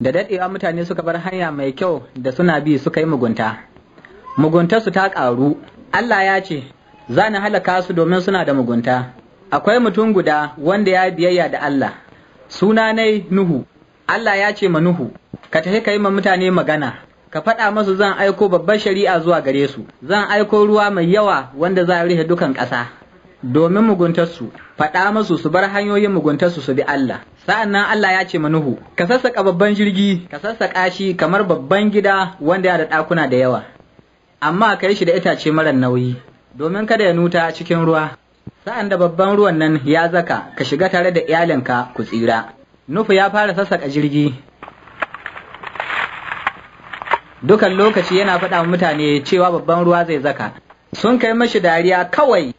da daɗewa mutane suka bar hanya mai kyau da suna bi suka yi mugunta su ta ƙaru Allah ya ce za ni halaka su domin suna da mugunta akwai mutum guda wanda ya biyayya da Allah suna nai Nuhu Allah ya ce ma Nuhu ka tafi ka yi ma mutane magana ka faɗa masu zan aiko babbar shari'a zuwa gare su zan aiko ruwa mai yawa wanda za a rufe dukan ƙasa domin muguntarsu faɗa masu su bar hanyoyin muguntarsu su bi Allah sa'an nan Allah ya ce manuhu ka sassaƙa babban jirgi ka sassaƙa shi kamar babban gida wanda ya da ɗakuna da yawa amma ka yi shi da itace mara nauyi domin kada ya nuta cikin ruwa sa'an da babban ruwan nan ya zaka ka shiga tare da iyalinka ku tsira nufu ya fara sassaƙa jirgi dukan lokaci yana faɗa mutane cewa babban ruwa zai zaka sun kai mashi dariya kawai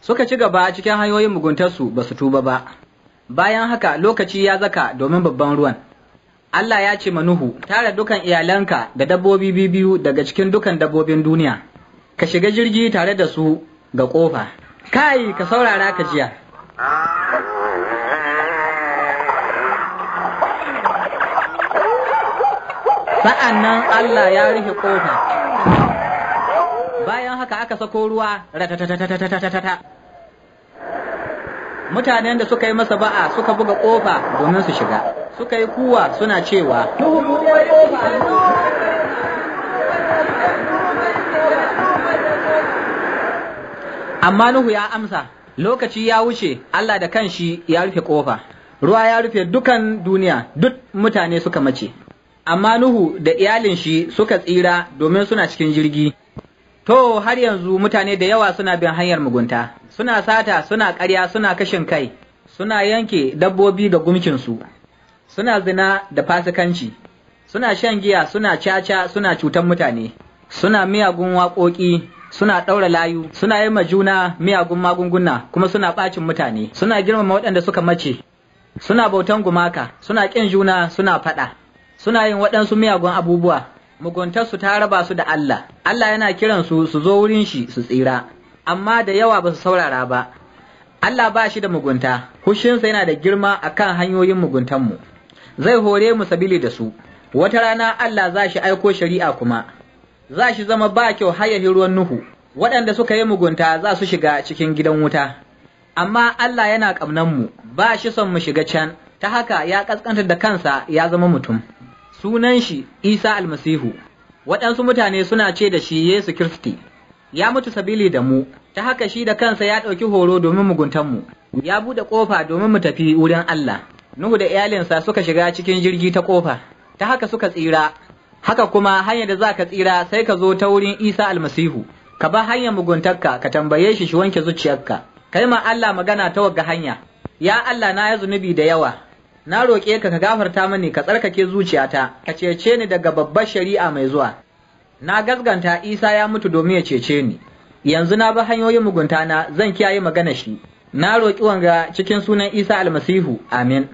suka ci gaba cikin hanyoyin muguntarsu ba su tuba ba bayan haka lokaci ya zaka domin babban ruwan Allah ya ce manuhu tara dukan iyalanka da dabbobi biyu daga cikin dukan dabbobin duniya ka shiga jirgi tare da su ga kofa kai ka saurara ka jiya sa'an nan Allah ya rufe kofa bayan haka aka sako ruwa ratatatatatatatata mutanen da suka yi masa ba'a suka buga kofa domin su shiga suka yi kuwa suna cewa amma Nuhu ya amsa lokaci ya wuce Allah da kanshi ya rufe kofa ruwa ya rufe dukan duniya duk mutane suka mace amma Nuhu da iyalin shi suka tsira domin suna cikin jirgi. To har yanzu mutane da yawa suna bin hanyar mugunta, suna sata, suna ƙarya, suna kashin kai, suna yanke dabbobi da gumkinsu, suna zina da fasikanci, suna shan giya, suna caca, suna cutan mutane, suna miyagun waƙoƙi, suna ɗaura layu, suna yi juna miyagun magunguna, kuma suna ɓacin mutane, suna girmama waɗanda suka mace, suna bautan gumaka, suna ƙin juna, suna faɗa. suna yin waɗansu miyagun abubuwa muguntarsu ta raba su da Allah Allah yana kiran su su zo wurin shi su tsira amma da yawa ba su saurara ba Allah ba shi da mugunta hushinsa yana da girma akan hanyoyin muguntanmu zai hore mu sabili da su wata rana Allah za shi aiko shari'a kuma za shi zama ba kyau hayahin ruwan Nuhu waɗanda suka yi mugunta za su shiga cikin gidan wuta amma Allah yana ƙamnan mu ba shi son mu shiga can ta haka ya ƙasƙantar da kansa ya zama mutum sunan shi Isa almasihu waɗansu mutane suna ce da shi Yesu Kiristi ya mutu sabili da mu ta haka shi da kansa ya ɗauki horo domin muguntan mu. ya buɗe ƙofa domin mu tafi wurin Allah Nuhu da iyalinsa suka shiga cikin jirgi ta ƙofa ta haka suka tsira haka kuma hanya da za ka tsira sai ka zo ta wurin Isa almasihu ka ba hanyar muguntarka ka tambaye shi shi wanke zuciyarka kai ma Allah magana ta wagga hanya ya Allah na ya zunubi da yawa na roƙe ka ka gafarta mani ka tsarkake zuciyata ka cece ni daga babbar shari'a mai zuwa na gasganta isa ya mutu domin ya cece ni yanzu na bi hanyoyin mugunta na zan kiyaye magana shi na roƙi wanga cikin sunan isa almasihu amin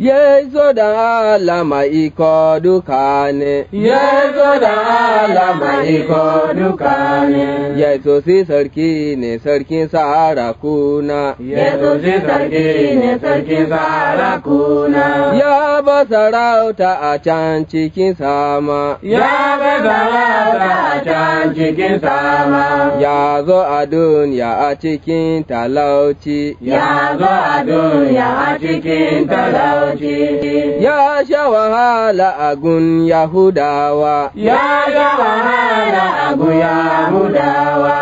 Yezo da ala ma iko duka ne. Yezo da ala ma iko duka ne. Yezo si sarki ne sarkin sahara kuna. Yezo si sarki ne sarkin sahara kuna. Ya ba sarauta a can cikin sama. Ya ba sarauta a can cikin sama. Ya zo a duniya a cikin talauci. Ya zo a duniya a cikin talauci. ya sha wahala a gun Yahudawa, ya sha wahala a gun Yahudawa,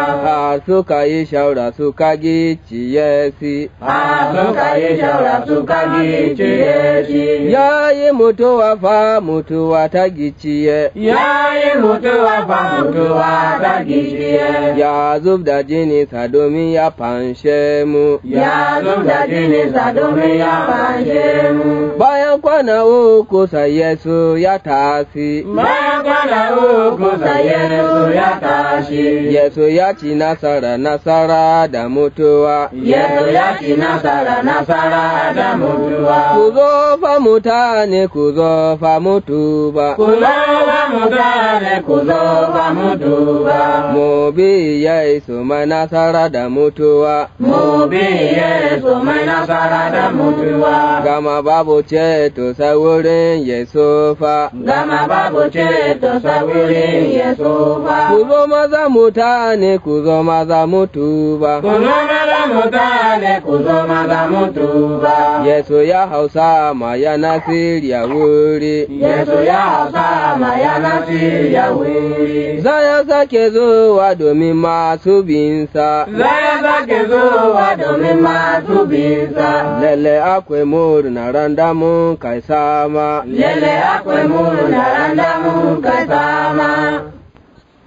a suka yi shaura suka giciye si, a suka yi shaura suka giciye si, ya yi mutuwa fa mutuwa ta giciye, ya yi mutuwa fa mutuwa ta giciye, ya zub da jini sa domin ya fanshe mu, ya zub da jini sa domin ya fanshe mu. Bayan kwana uku sai Yesu ya tashi. Bayan kwana uku sai Yesu ya tashi. Yesu ya ci nasara nasara da mutuwa. Yesu ya ci nasara nasara da mutuwa. Ku zo fa mutane ku zo fa mutuba. Ku zo fa mutane ku zo fa mutuba. Mu bi Yesu mai nasara da mutuwa. Mu bi Yesu mai nasara da mutuwa. Gama ba babu chetu sa wurin Yesufa. ngama babu chetu sa wurin Yesufa. Ku zo maza mutane ku zo mutuba. Ku zo mutane ku zo mutuba. Yesu ya hausa ma ya ya wuri. Yesu ya hausa ma ya ya wuri. Zaya zake zuwa domin masu binsa. Zaya zake zuwa domin masu binsa. lele akwe murna ran narandamu kaisama lele akwai mu narandamu kaisama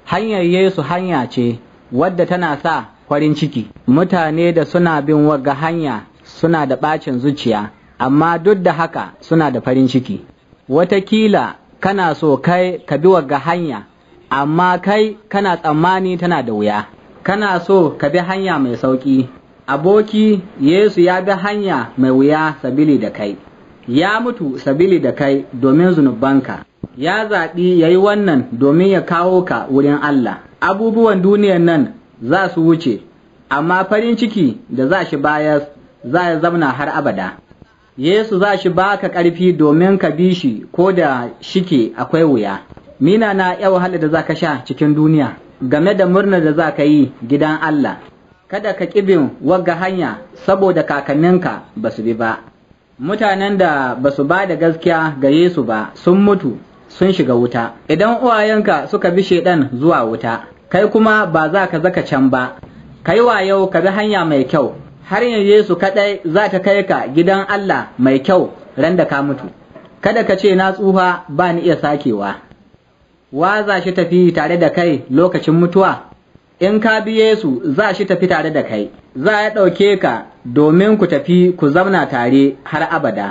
hanyar Yesu hanya ce wadda tana sa farin ciki mutane da suna bin wagga hanya suna da ɓacin zuciya amma duk da haka suna da farin ciki watakila kana so kai ka bi wagga hanya amma kai kana tsammani tana da wuya kana so ka bi hanya mai sauƙi aboki Yesu ya bi hanya mai wuya sabili da kai ya mutu sabili da kai domin zunubanka ya zaɓi ya yi wannan domin ya kawo ka wurin Allah abubuwan duniyan nan za su wuce amma farin ciki da za shi bayas za ya zamna har abada Yesu za shi baka ƙarfi domin ka bi shi ko da shike akwai wuya mina na yawan wahala da za ka sha cikin duniya game da murna da za ka yi gidan Allah kada ka ƙibin wagga hanya saboda kakanninka ba su bi ba mutanen da ba su ba da gaskiya ga Yesu ba sun mutu sun shiga wuta idan uwayenka suka bi shaidan zuwa wuta kai kuma ba za ka zaka can ba kai wayo ka bi hanya mai kyau har yin Yesu kaɗai za ta kai ka gidan Allah mai kyau ran da ka mutu kada ka ce na tsufa ba ni iya sakewa wa za shi tafi tare da kai lokacin mutuwa in ka bi Yesu za shi tafi tare da kai za ya ɗauke ka domin ku tafi ku zamna tare har abada.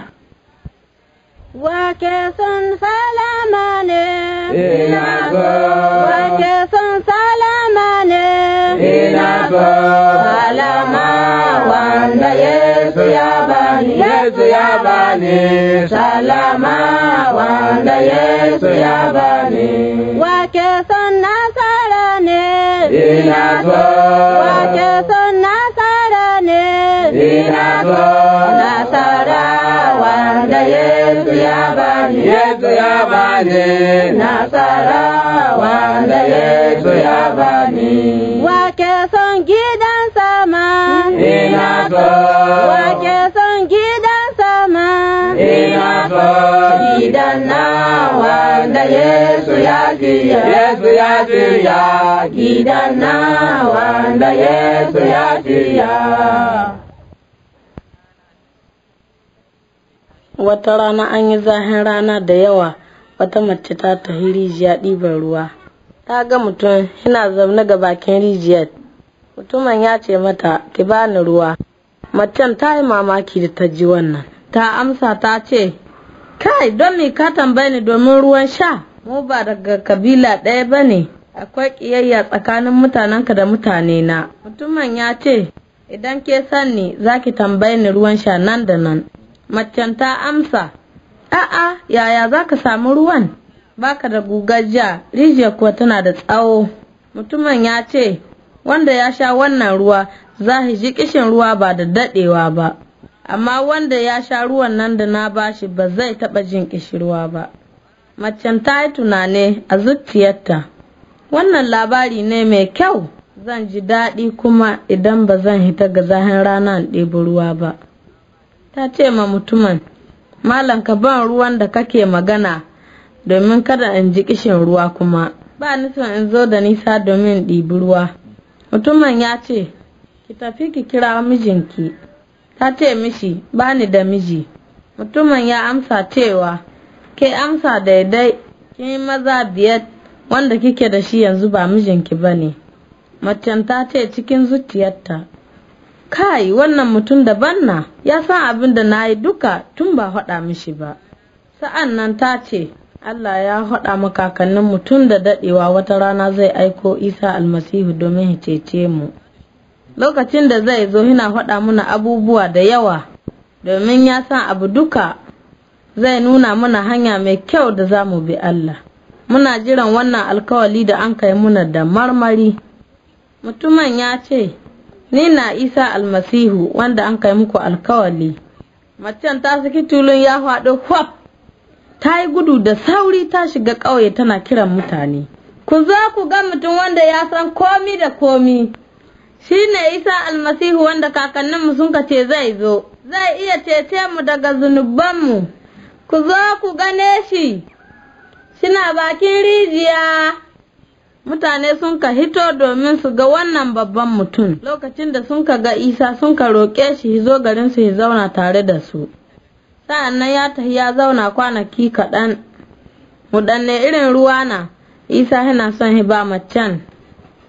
Wake sun salama ne, ina ba. Wake sun salama ne, ina ba. Salama wanda Yesu ya bani, Yesu ya bani. Salama wanda Yesu ya bani. Wake sun nasara ne, ina ba. Wake sun nasara دينكم نصارى وحده يسوع يا بني يسوع يا بني نصارى وحده يسوع يا بني وكسن جدا سما دينكم وكسن جدا سما دينكم جدنا wanda Yesu yagiye Yesu yagiye gidana wanda Yesu yagiye Wata rana an yi zahin rana da yawa wata mace ta tafi rijiya ɗiban ruwa. Ta ga mutum yana zaune ga bakin rijiyar. Mutumin ya ce mata, ki bani ruwa. Macen ta yi mamaki da ta ji wannan. Ta amsa ta ce, kai don me ka tambaye ni domin ruwan sha? Mu ba daga kabila ɗaya ba ne. Akwai ƙiyayya tsakanin mutanenka da mutane na Mutumin ya ce, idan ke sanni za ki tambaye ni ruwan sha nan da nan. Macen ta amsa, A'a, yaya za ka samu ruwan? Baka da gugajja, rijiya kuwa tana da tsawo. Mutumin ya ce, Wanda ya sha wannan ruwa za ji kishin ruwa ba da daɗewa ba, amma wanda ya sha ruwan nan da na bashi ba zai taɓa jin ruwa ba. Macen ta yi tunane a zuciyarta, wannan labari ne mai kyau zan ji daɗi kuma idan ba zan hita ga zahin rana ɗebi ruwa ba. ta ce ma mutumin malam ka ban ruwan da kake magana domin kada in ji kishin ruwa kuma ba son in zo da nisa domin ɗibi ruwa mutumin ya ce ki tafi ki kira mijinki ta ce mishi ba ni da miji mutumin ya amsa cewa ke amsa daidai kin maza biyar wanda kike da shi yanzu ba mijinki ba ne macen ta ce cikin zuciyarta kai wannan mutum da banna? ya san abin da na yi duka tun ba haɗa mishi ba sa'an nan ta ce Allah ya haɗa mu kakannin mutum da daɗewa wata rana zai aiko isa almasihu domin cece mu lokacin da zai zo yana haɗa muna abubuwa da yawa domin ya san abu duka zai nuna mana hanya mai kyau da za mu bi Allah muna jiran wannan alkawali da an kai muna da marmari mutumin ya ce ni na isa almasihu wanda an kai muku alkawali macen ta saki tulun ya faɗo kwaf ta yi gudu da sauri ta shiga ƙauye tana kiran mutane ku zo ku ga mutum wanda ya san komi da komi shi ne isa almasihu wanda kakanninmu sun ka zai zo zai iya cece mu daga zunubanmu ku zo ku gane shi shina bakin rijiya mutane sun ka hito domin su ga wannan babban mutum lokacin da sun ka ga isa sun ka roƙe shi zo garin su ya zauna tare da su sa'an nan ya tafi ya zauna kwanaki kaɗan mudanne irin ruwa na isa yana son hiba macen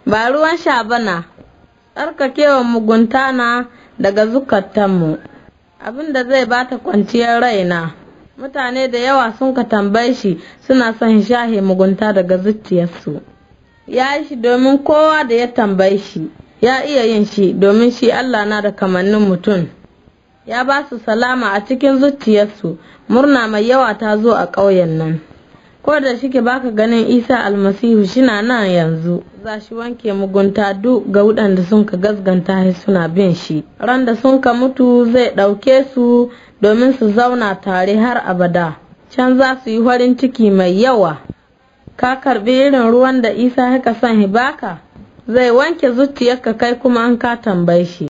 ba ruwan sha bana tsarkakewa mugunta na daga zukatanmu abin da zai bata kwanciyar raina mutane da yawa sun ka tambaye shi suna son shahe mugunta daga zuciyarsu ya yi shi domin kowa da ya tambaye shi ya iya yin shi domin shi Allah na da kamannin mutum ya ba su salama a cikin zuciyarsu murna mai yawa ta zo a ƙauyen nan ko da shike baka ganin isa almasihu shina nan yanzu za shi wanke mugunta duk ga waɗanda sun ka gasganta shi suna bin shi ran da sun ka mutu zai ɗauke su domin su zauna tare har abada can za su yi farin ciki mai yawa ka karbi irin ruwan da isa ka son ya baka zai wanke zuciyarka kai kuma in ka tambaye shi